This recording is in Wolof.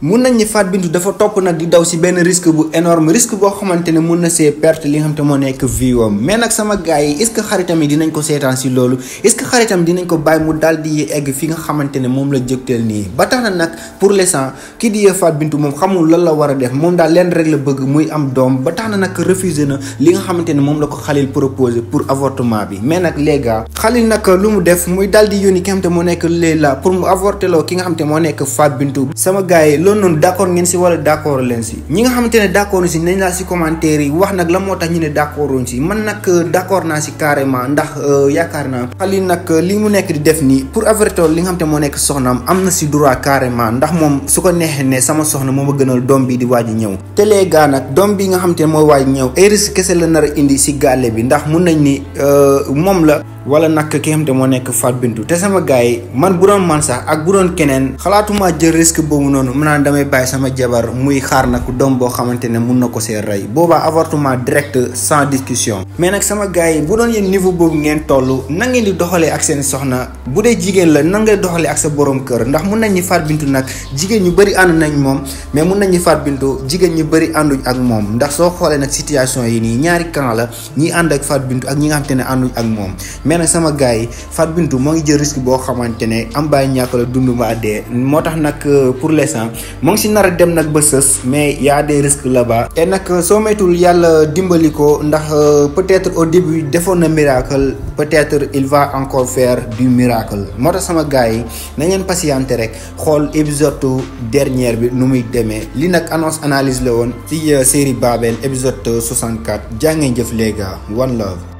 mun nañu ni Fatou Bintou dafa topp nag di daw si benn risque bu énorme risque boo xamante ne mun na see perte li nga xam te moo nekk viwam mais nag sama gars yi est-ce que xaritam yi ko seetaan si loolu est-ce que ko bàyyi mu daal di egg fi nga xamante ne moom la jëgteel nii ba tax na nag pour l'instant kii di Fatou Bintou moom xamul lan la war a def moom daal leen rek la bëgg muy am doom ba tax na nag refusé na li nga xamante ne moom la ko Khalil proposé pour avortement bi mais nag les gars Khalil lu mu def muy dal di yónni ki nga moo nekk Leila pour mu avorteloo ki nga xam te moo nekk Fatou Bintou sama gars yi loolu noonu d' accord ngeen si wala d' accord leen si ñi nga xamante ne d' accord si nañ laa si commentaire yi wax nag la moo tax ñu ne d' accord si man nag euh, d' accord naa si carrément ndax euh, yaakaar naa xali nag euh, li mu nekk di def nii pour avertir li nga xamante moo nekk soxnaam am na si droit carrément ndax moom su ko neexee ne sama soxna moo ma gënal doom bi di waaj ñëw te dombi gars nag doom bi nga xamante ne mooy waaj ñëw ay risque kese la nar indi si gàlle bi ndax mun nañ ni moom la wala nak ki xamante moo nekk Fat Bintou te sama gars yi man bu doon man sax ak bu doon keneen xalaatuma jël risque boobu noonu mën naan damay bay sama jabar muy xaar nak dom bo xamantene mën nako na ray boba avortement direct sans discussion mais nak sama gaay bu doon yeen niveau bobu ngeen tollu na ngeen di doxale ak seen soxna bu dee jigen la na nga doxale ak sa borom kër ndax mën nañ ni far bintu nak jigen ñu bari and nañ mom mais mën nañ ni far bintu jigen ñu bari andu ak mom ndax so xolé nak situation yi ni ñaari kan la ñi and ak far bintu ak ñi nga xamantene andu ak mom mais nak sama gaay far bintu mo ngi jël risque bo xamantene am bay ñakala la dund mbaa dee euh, pour l'instant mu ngi si nar dem nak ya ba eh, seus mais ya des risques là-bas et nak soo maytul yàlla dimbali ko ndax eh, peut-être au début defoon na miracle peut-être il va encore faire du miracle moo sama gaay yi na ngeen patienter rek xool épisode dernière bi nu muy demee li nak annonce analyse le won ci eh, série Babel episode 64 jaa jëf les gars one love